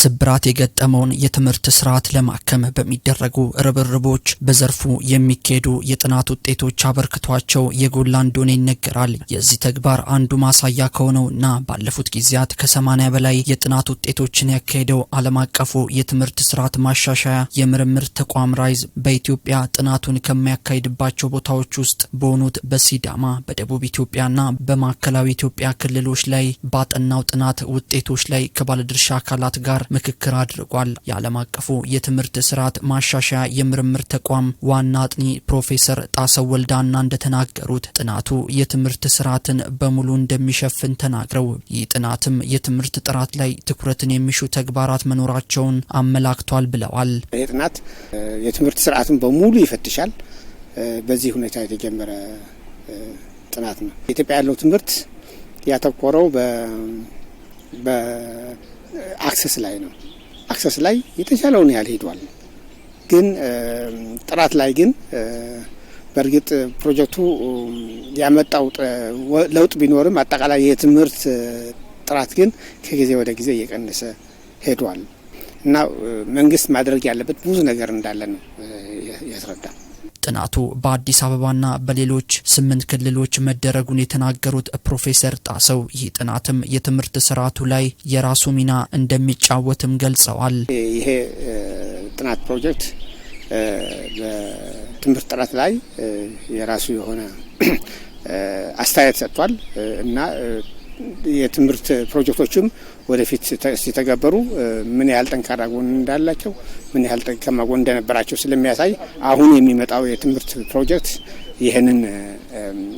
ስብራት የገጠመውን የትምህርት ስርዓት ለማከም በሚደረጉ ርብርቦች በዘርፉ የሚካሄዱ የጥናት ውጤቶች አበርክቷቸው የጎላ እንደሆነ ይነገራል። የዚህ ተግባር አንዱ ማሳያ ከሆነውና ባለፉት ጊዜያት ከ80 በላይ የጥናት ውጤቶችን ያካሄደው ዓለም አቀፉ የትምህርት ስርዓት ማሻሻያ የምርምር ተቋም ራይዝ በኢትዮጵያ ጥናቱን ከሚያካሂድባቸው ቦታዎች ውስጥ በሆኑት በሲዳማ በደቡብ ኢትዮጵያና በማዕከላዊ ኢትዮጵያ ክልሎች ላይ ባጠናው ጥናት ውጤቶች ላይ ከባለድርሻ አካላት ጋር ጋር ምክክር አድርጓል። የዓለም አቀፉ የትምህርት ስርዓት ማሻሻያ የምርምር ተቋም ዋና አጥኒ ፕሮፌሰር ጣሰው ወልዳና እንደተናገሩት ጥናቱ የትምህርት ስርዓትን በሙሉ እንደሚሸፍን ተናግረው ይህ ጥናትም የትምህርት ጥራት ላይ ትኩረትን የሚሹ ተግባራት መኖራቸውን አመላክቷል ብለዋል። ይህ ጥናት የትምህርት ስርዓትን በሙሉ ይፈትሻል። በዚህ ሁኔታ የተጀመረ ጥናት ነው። ኢትዮጵያ ያለው ትምህርት ያተኮረው አክሰስ ላይ ነው። አክሰስ ላይ የተሻለውን ያህል ሄዷል። ግን ጥራት ላይ ግን በእርግጥ ፕሮጀክቱ ያመጣው ለውጥ ቢኖርም አጠቃላይ የትምህርት ጥራት ግን ከጊዜ ወደ ጊዜ እየቀነሰ ሄዷል እና መንግስት ማድረግ ያለበት ብዙ ነገር እንዳለ ነው ያስረዳል። ጥናቱ በአዲስ አበባና በሌሎች ስምንት ክልሎች መደረጉን የተናገሩት ፕሮፌሰር ጣሰው ይህ ጥናትም የትምህርት ስርዓቱ ላይ የራሱ ሚና እንደሚጫወትም ገልጸዋል። ይሄ ጥናት ፕሮጀክት በትምህርት ጥራት ላይ የራሱ የሆነ አስተያየት ሰጥቷል እና የትምህርት ፕሮጀክቶችም ወደፊት ሲተገበሩ ምን ያህል ጠንካራ ጎን እንዳላቸው ምን ያህል ደካማ ጎን እንደነበራቸው ስለሚያሳይ አሁን የሚመጣው የትምህርት ፕሮጀክት ይህንን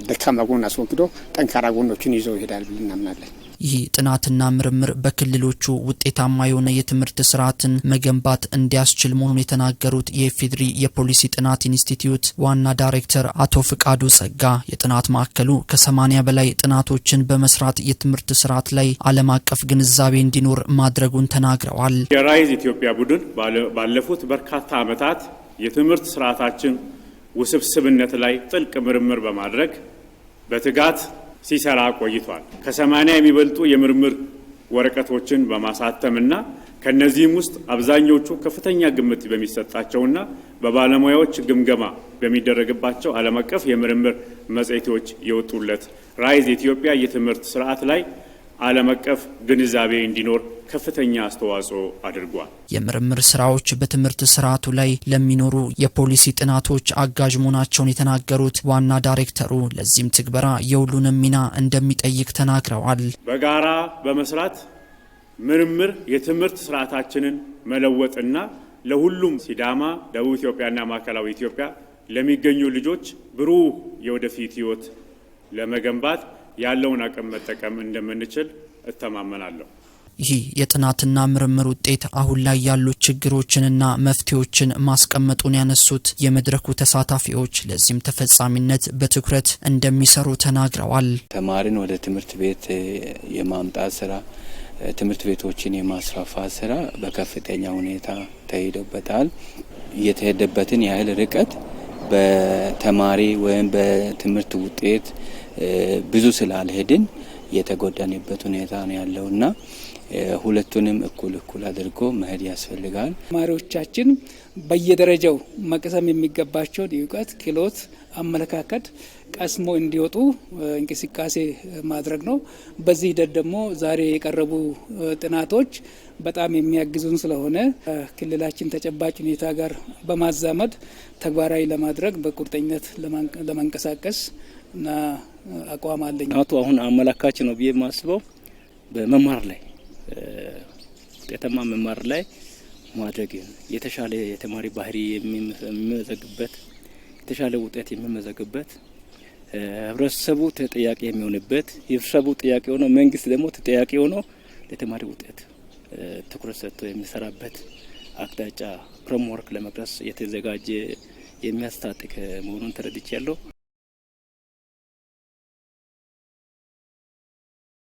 ደካማ ጎን አስወግዶ ጠንካራ ጎኖችን ይዘው ይሄዳል ብለን እናምናለን። ይህ ጥናትና ምርምር በክልሎቹ ውጤታማ የሆነ የትምህርት ስርዓትን መገንባት እንዲያስችል መሆኑን የተናገሩት የኢፌዴሪ የፖሊሲ ጥናት ኢንስቲትዩት ዋና ዳይሬክተር አቶ ፍቃዱ ጸጋ የጥናት ማዕከሉ ከሰማኒያ በላይ ጥናቶችን በመስራት የትምህርት ስርዓት ላይ ዓለም አቀፍ ግንዛቤ እንዲኖር ማድረጉን ተናግረዋል። የራይዝ ኢትዮጵያ ቡድን ባለፉት በርካታ ዓመታት የትምህርት ስርዓታችን ውስብስብነት ላይ ጥልቅ ምርምር በማድረግ በትጋት ሲሰራ ቆይቷል። ከሰማንያ የሚበልጡ የምርምር ወረቀቶችን በማሳተምና ከነዚህም ውስጥ አብዛኞቹ ከፍተኛ ግምት በሚሰጣቸውና በባለሙያዎች ግምገማ በሚደረግባቸው ዓለም አቀፍ የምርምር መጽሔቶች የወጡለት ራይዝ ኢትዮጵያ የትምህርት ስርዓት ላይ ዓለም አቀፍ ግንዛቤ እንዲኖር ከፍተኛ አስተዋጽኦ አድርጓል። የምርምር ስራዎች በትምህርት ስርዓቱ ላይ ለሚኖሩ የፖሊሲ ጥናቶች አጋዥ መሆናቸውን የተናገሩት ዋና ዳይሬክተሩ ለዚህም ትግበራ የሁሉንም ሚና እንደሚጠይቅ ተናግረዋል። በጋራ በመስራት ምርምር የትምህርት ስርዓታችንን መለወጥና ለሁሉም ሲዳማ፣ ደቡብ ኢትዮጵያና ማዕከላዊ ኢትዮጵያ ለሚገኙ ልጆች ብሩህ የወደፊት ህይወት ለመገንባት ያለውን አቅም መጠቀም እንደምንችል እተማመናለሁ። ይህ የጥናትና ምርምር ውጤት አሁን ላይ ያሉ ችግሮችንና መፍትሄዎችን ማስቀመጡን ያነሱት የመድረኩ ተሳታፊዎች ለዚህም ተፈጻሚነት በትኩረት እንደሚሰሩ ተናግረዋል። ተማሪን ወደ ትምህርት ቤት የማምጣት ስራ፣ ትምህርት ቤቶችን የማስፋፋት ስራ በከፍተኛ ሁኔታ ተሄዶበታል። እየተሄደበትን ያህል ርቀት በተማሪ ወይም በትምህርት ውጤት ብዙ ስላልሄድን የተጎዳንበት ሁኔታ ነው ያለውና ሁለቱንም እኩል እኩል አድርጎ መሄድ ያስፈልጋል። ተማሪዎቻችን በየደረጃው መቅሰም የሚገባቸውን እውቀት፣ ክህሎት፣ አመለካከት ቀስሞ እንዲወጡ እንቅስቃሴ ማድረግ ነው። በዚህ ሂደት ደግሞ ዛሬ የቀረቡ ጥናቶች በጣም የሚያግዙን ስለሆነ ክልላችን ተጨባጭ ሁኔታ ጋር በማዛመድ ተግባራዊ ለማድረግ በቁርጠኝነት ለመንቀሳቀስ እና አቋም አለኝ። አቶ አሁን አመላካች ነው ብዬ የማስበው በመማር ላይ ውጤታማ መማር ላይ ማደግ የተሻለ የተማሪ ባህሪ የሚመዘግበት የተሻለ ውጤት የሚመዘግበት ህብረተሰቡ ተጠያቂ የሚሆንበት የህብረተሰቡ ጥያቄ ሆኖ መንግስት ደግሞ ተጠያቂ ሆኖ ለተማሪ ውጤት ትኩረት ሰጥቶ የሚሰራበት አቅጣጫ ፍሬምወርክ ለመቅረጽ የተዘጋጀ የሚያስታጥቅ መሆኑን ተረድቼ ያለው